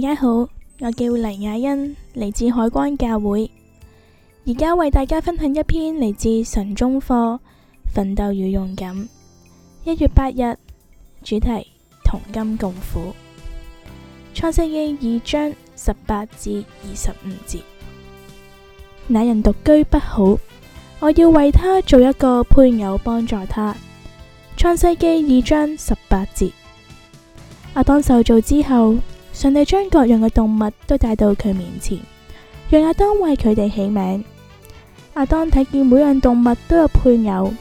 大家好，我叫黎雅恩，嚟自海關教會。而家為大家分享一篇嚟自神中課《奮鬥與勇敢》一月八日主題同甘共苦。創世記二章十八至二十五節，那人獨居不好，我要為他做一個配偶，幫助他。創世記二章十八節，阿當受造之後。上帝將各樣嘅動物都帶到佢面前，讓亞當為佢哋起名。亞當睇見每樣動物都有配偶，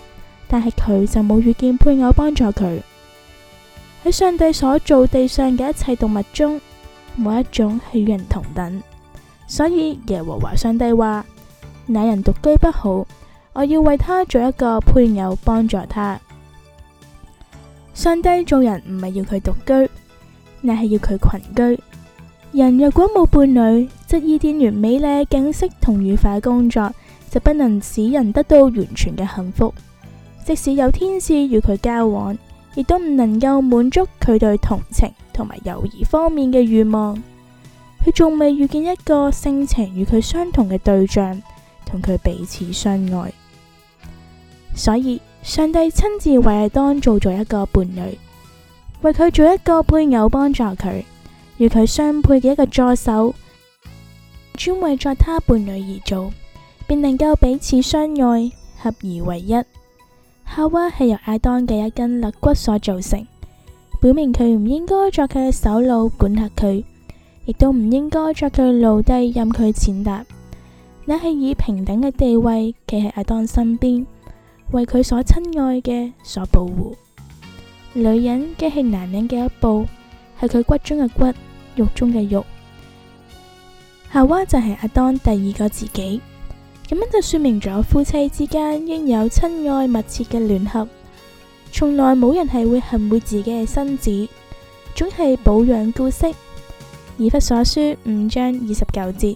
但係佢就冇遇見配偶幫助佢。喺上帝所造地上嘅一切動物中，冇一種係與人同等，所以耶和華上帝話：那人獨居不好，我要為他做一個配偶幫助他。上帝做人唔係要佢獨居。乃係要佢群居，人若果冇伴侶，即伊甸園完美靚景色同愉快工作，就不能使人得到完全嘅幸福。即使有天使與佢交往，亦都唔能夠滿足佢對同情同埋友誼方面嘅願望。佢仲未遇見一個性情與佢相同嘅對象，同佢彼此相愛。所以上帝親自為亞當做咗一個伴侶。為佢做一個配偶，幫助佢與佢相配嘅一個助手，專為作他伴侶而做，便能夠彼此相愛，合而為一。夏娃係由亞當嘅一根肋骨所造成，表明佢唔應該作佢嘅首腦管轄佢，亦都唔應該作佢奴隸任佢踐踏。乃係以平等嘅地位企喺亞當身邊，為佢所親愛嘅所保護。女人既係男人嘅一部，係佢骨中嘅骨，肉中嘅肉。夏娃就係阿當第二個自己，咁樣就說明咗夫妻之間應有親愛密切嘅聯合。從來冇人係會恨會自己嘅身子，總係保養顧惜。以弗所書五章二十九節，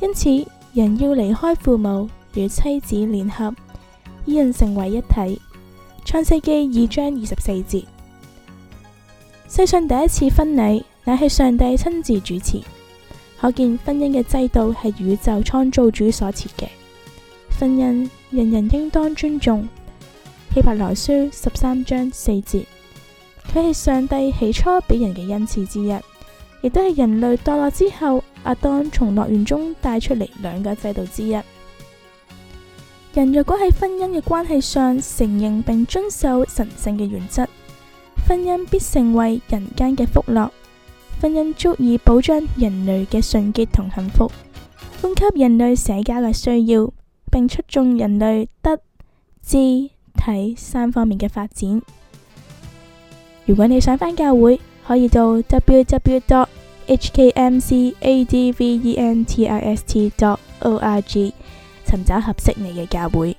因此人要離開父母與妻子聯合，二人成為一體。創世紀二章二十四節，世上第一次婚禮乃係上帝親自主持，可見婚姻嘅制度係宇宙創造主所設嘅。婚姻人人應當尊重。希伯來書十三章四節，佢係上帝起初俾人嘅恩賜之一，亦都係人類墮落之後，阿當從樂園中帶出嚟兩個制度之一。人若果喺婚姻嘅關係上承認並遵守神聖嘅原則，婚姻必成為人間嘅福樂。婚姻足以保障人類嘅純潔同幸福，供給人類社交嘅需要，並促進人類德、智、體三方面嘅發展。如果你想返教會，可以到 www.hkmcadventist.org。尋找合適你嘅教會。